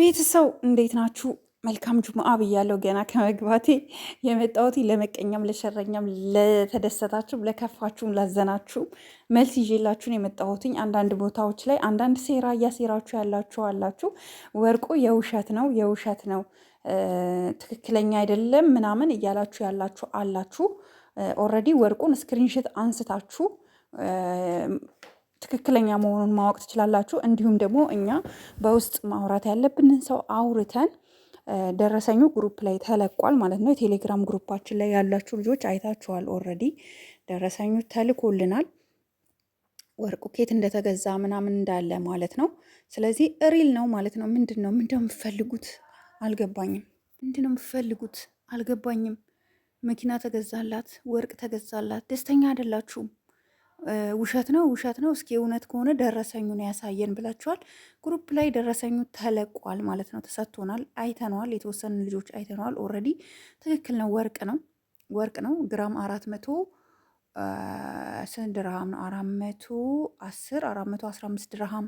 ቤተሰው እንዴት ናችሁ? መልካም ጁምአ ብያለሁ። ገና ከመግባቴ የመጣሁት ለመቀኛም ለሸረኛም ለተደሰታችሁም ለከፋችሁም ላዘናችሁም መልስ ይዤላችሁን የመጣሁትኝ። አንዳንድ ቦታዎች ላይ አንዳንድ ሴራ እያሴራችሁ ያላችሁ አላችሁ። ወርቁ የውሸት ነው የውሸት ነው ትክክለኛ አይደለም ምናምን እያላችሁ ያላችሁ አላችሁ። ኦልሬዲ ወርቁን ስክሪንሽት አንስታችሁ ትክክለኛ መሆኑን ማወቅ ትችላላችሁ። እንዲሁም ደግሞ እኛ በውስጥ ማውራት ያለብንን ሰው አውርተን ደረሰኙ ግሩፕ ላይ ተለቋል ማለት ነው። የቴሌግራም ግሩፓችን ላይ ያላችሁ ልጆች አይታችኋል። ኦልሬዲ ደረሰኙ ተልኮልናል። ወርቁ ኬት እንደተገዛ ምናምን እንዳለ ማለት ነው። ስለዚህ ሪል ነው ማለት ነው። ምንድን ነው ምንድነው ነው አልገባኝም። ምንድነው ነው አልገባኝም። መኪና ተገዛላት፣ ወርቅ ተገዛላት፣ ደስተኛ አይደላችሁም። ውሸት ነው ውሸት ነው፣ እስኪ እውነት ከሆነ ደረሰኙን ያሳየን ብላችኋል። ግሩፕ ላይ ደረሰኙ ተለቋል ማለት ነው፣ ተሰጥቶናል፣ አይተነዋል። የተወሰኑ ልጆች አይተነዋል። ኦልሬዲ ትክክል ነው፣ ወርቅ ነው፣ ወርቅ ነው። ግራም አራት መቶ ስንት ድርሃም ነው? አራት መቶ አስር አራት መቶ አስራ አምስት ድርሃም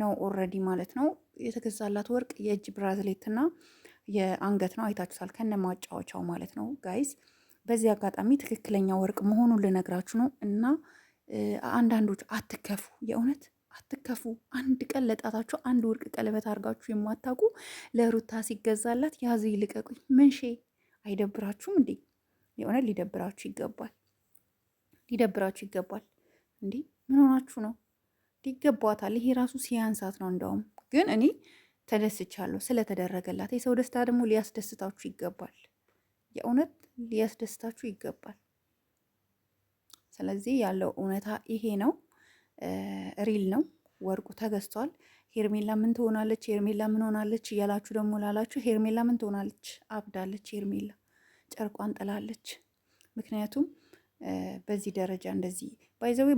ነው ኦልሬዲ ማለት ነው። የተገዛላት ወርቅ የእጅ ብራዝሌትና የአንገት ነው፣ አይታችሁታል፣ ከነ ማጫወቻው ማለት ነው። ጋይዝ በዚህ አጋጣሚ ትክክለኛ ወርቅ መሆኑን ልነግራችሁ ነው እና አንዳንዶች አትከፉ፣ የእውነት አትከፉ። አንድ ቀን ለጣታችሁ አንድ ወርቅ ቀለበት አድርጋችሁ የማታውቁ ለሩታ ሲገዛላት ያዙ ይልቀቁኝ ምንሼ አይደብራችሁም እንዴ? የእውነት ሊደብራችሁ ይገባል፣ ሊደብራችሁ ይገባል። እንዴ ምን ሆናችሁ ነው? ይገባታል። ይሄ ራሱ ሲያንሳት ነው። እንደውም ግን እኔ ተደስቻለሁ ስለተደረገላት። የሰው ደስታ ደግሞ ሊያስደስታችሁ ይገባል። የእውነት ሊያስደስታችሁ ይገባል። ስለዚህ ያለው እውነታ ይሄ ነው። ሪል ነው። ወርቁ ተገዝቷል። ሄርሜላ ምን ትሆናለች? ሄርሜላ ምን ሆናለች? እያላችሁ ደግሞ ላላችሁ ሄርሜላ ምን ትሆናለች? አብዳለች። ሄርሜላ ጨርቋን ጥላለች። ምክንያቱም በዚህ ደረጃ እንደዚህ ባይዘዌ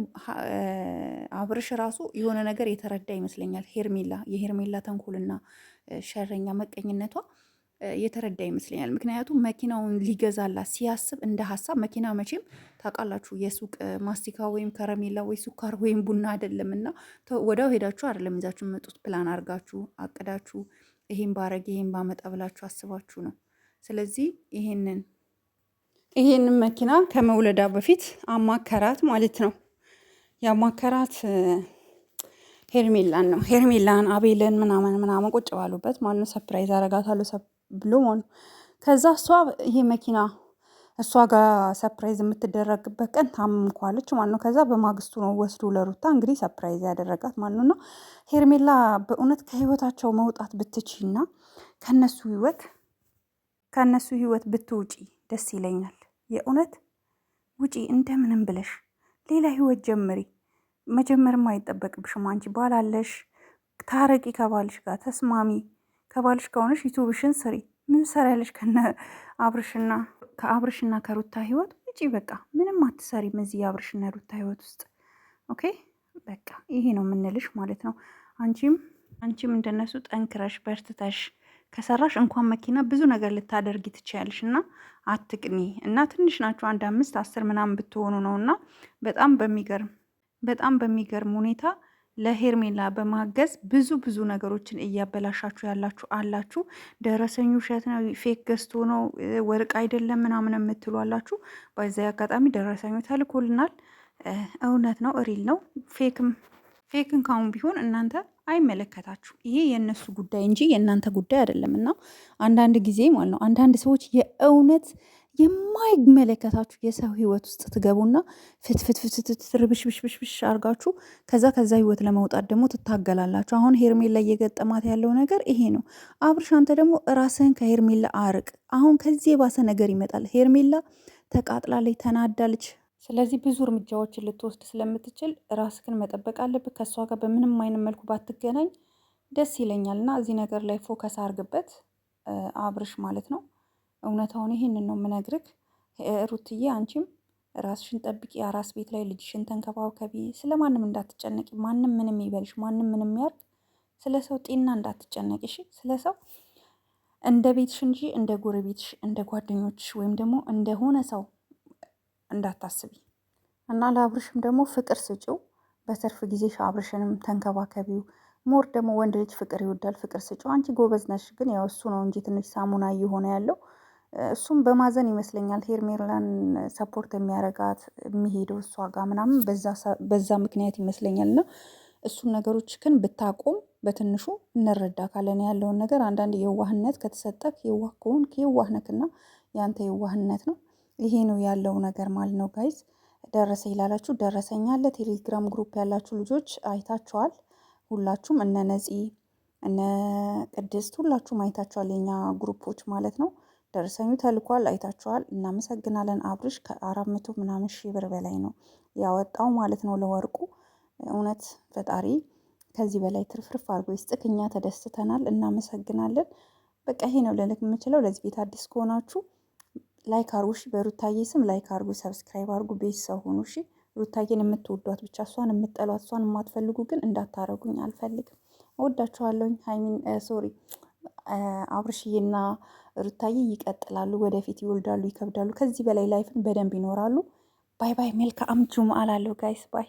አብርሽ ራሱ የሆነ ነገር የተረዳ ይመስለኛል። ሄርሜላ የሄርሜላ ተንኮልና ሸረኛ መቀኝነቷ የተረዳ ይመስለኛል። ምክንያቱም መኪናውን ሊገዛላት ሲያስብ እንደ ሀሳብ መኪና መቼም ታውቃላችሁ የሱቅ ማስቲካ ወይም ከረሜላ ወይ ሱካር ወይም ቡና አይደለም እና ወዲያው ሄዳችሁ አይደለም ይዛችሁ መጡት ፕላን አድርጋችሁ አቅዳችሁ ይሄን ባረግ ይሄን ባመጣ ብላችሁ አስባችሁ ነው። ስለዚህ ይሄንን ይሄንን መኪና ከመውለዳ በፊት አማከራት ማለት ነው። የአማከራት ሄርሜላን ነው ሄርሜላን አቤልን ምናምን ምናምን ቁጭ ባሉበት ማነው ሰፕራይዝ አረጋታለሁ ሎሞን ከዛ እሷ ይሄ መኪና እሷ ጋር ሰፕራይዝ የምትደረግበት ቀን ታምምኳለች ማለት ነው። ከዛ በማግስቱ ነው ወስዶ ለሩታ እንግዲህ ሰፕራይዝ ያደረጋት ማለት ነው። ሄርሜላ በእውነት ከህይወታቸው መውጣት ብትችና ከነሱ ህይወት ከነሱ ህይወት ብትውጪ ደስ ይለኛል። የእውነት ውጪ እንደምንም ብለሽ ሌላ ህይወት ጀምሪ። መጀመርም አይጠበቅብሽም አንቺ ባላለሽ ታረቂ፣ ከባልሽ ጋር ተስማሚ። ከባልሽ ከሆነሽ ዩቱብሽን ስሪ። ምን ሰሪያለሽ? ከነ አብርሽና ከአብርሽና ከሩታ ህይወት ውጪ በቃ ምንም አትሰሪም እዚህ የአብርሽና ሩታ ህይወት ውስጥ ኦኬ። በቃ ይሄ ነው የምንልሽ ማለት ነው። አንቺም አንቺም እንደነሱ ጠንክረሽ በርትተሽ ከሰራሽ እንኳን መኪና ብዙ ነገር ልታደርጊ ትችያለሽ። እና አትቅኒ እና ትንሽ ናቸው አንድ አምስት አስር ምናምን ብትሆኑ ነው እና በጣም በሚገርም በጣም በሚገርም ሁኔታ ለሄርሜላ በማገዝ ብዙ ብዙ ነገሮችን እያበላሻችሁ ያላችሁ አላችሁ። ደረሰኝ ውሸት ነው፣ ፌክ ገዝቶ ነው፣ ወርቅ አይደለም ምናምን የምትሉ አላችሁ። በዚያ አጋጣሚ ደረሰኙ ተልኮልናል። እውነት ነው፣ ሪል ነው። ፌክም ፌክን ካሁን ቢሆን እናንተ አይመለከታችሁ ይሄ የእነሱ ጉዳይ እንጂ የእናንተ ጉዳይ አይደለም። እና አንዳንድ ጊዜ ማለት ነው አንዳንድ ሰዎች የእውነት የማይመለከታችሁ የሰው ህይወት ውስጥ ትገቡና ፍትፍትፍትትትር ብሽብሽብሽብሽ አርጋችሁ ከዛ ከዛ ህይወት ለመውጣት ደግሞ ትታገላላችሁ። አሁን ሄርሜላ እየገጠማት ያለው ነገር ይሄ ነው። አብርሽ አንተ ደግሞ ራስህን ከሄርሜላ አርቅ። አሁን ከዚህ የባሰ ነገር ይመጣል። ሄርሜላ ተቃጥላለች፣ ተናዳለች። ስለዚህ ብዙ እርምጃዎችን ልትወስድ ስለምትችል ራስህን መጠበቅ አለብህ። ከእሷ ጋር በምንም አይነት መልኩ ባትገናኝ ደስ ይለኛል እና እዚህ ነገር ላይ ፎከስ አርግበት አብርሽ ማለት ነው። እውነታውን ይህንን ነው የምነግርህ። ሩትዬ አንቺም ራስሽን ጠብቂ፣ አራስ ቤት ላይ ልጅሽን ተንከባከቢ። ስለ ማንም እንዳትጨነቂ፣ ማንም ምንም ይበልሽ፣ ማንም ምንም ያርግ፣ ስለ ሰው ጤና እንዳትጨነቂ። እሺ፣ ስለ ሰው እንደ ቤትሽ እንጂ እንደ ጎረቤትሽ፣ እንደ ጓደኞችሽ ወይም ደግሞ እንደሆነ ሰው እንዳታስቢ እና ለአብርሽም ደግሞ ፍቅር ስጪው። በትርፍ ጊዜሽ አብርሽንም ተንከባከቢው። ሞር ደግሞ ወንድ ልጅ ፍቅር ይወዳል፣ ፍቅር ስጪው። አንቺ ጎበዝ ነሽ፣ ግን ያው እሱ ነው እንጂ ትንሽ ሳሙና እየሆነ ያለው እሱም በማዘን ይመስለኛል ሄርሜላን ሰፖርት የሚያደርጋት የሚሄደው እሷ ጋር ምናምን በዛ ምክንያት ይመስለኛል። እና እሱን ነገሮች ግን ብታቆም በትንሹ እንረዳ ካለን ያለውን ነገር አንዳንድ የዋህነት ከተሰጠክ የዋህ ከሆንክ የዋህ ነክና የአንተ የዋህነት ነው። ይሄ ነው ያለው ነገር ማለት ነው። ጋይዝ ደረሰ ይላላችሁ ደረሰኛ አለ። ቴሌግራም ግሩፕ ያላችሁ ልጆች አይታችኋል ሁላችሁም፣ እነ ነፂ እነ ቅድስት ሁላችሁም አይታችኋል የኛ ግሩፖች ማለት ነው። ደርሰኙ ተልኳል፣ አይታችኋል። እናመሰግናለን አብርሽ። ከአራት መቶ ምናምን ሺህ ብር በላይ ነው ያወጣው ማለት ነው ለወርቁ። እውነት ፈጣሪ ከዚህ በላይ ትርፍርፍ አድርጎ ይስጥክ። እኛ ተደስተናል፣ እናመሰግናለን። በቃ ይሄ ነው ልልክ የምችለው። ለዚህ ቤት አዲስ ከሆናችሁ ላይክ አርጉ ሺ በሩታዬ ስም ላይክ አርጉ፣ ሰብስክራይብ አርጉ፣ ቤተሰብ ሆኑ ሺ ሩታዬን የምትወዷት ብቻ እሷን የምትጠሏት እሷን የማትፈልጉ ግን እንዳታረጉኝ አልፈልግም። ወዳችኋለሁኝ። ሀይሚን ሶሪ አብርሽዬና ሩታዬ ይቀጥላሉ፣ ወደፊት ይወልዳሉ፣ ይከብዳሉ፣ ከዚህ በላይ ላይፍን በደንብ ይኖራሉ። ባይ ባይ። መልካም ጁምአ አላለሁ ጋይስ ባይ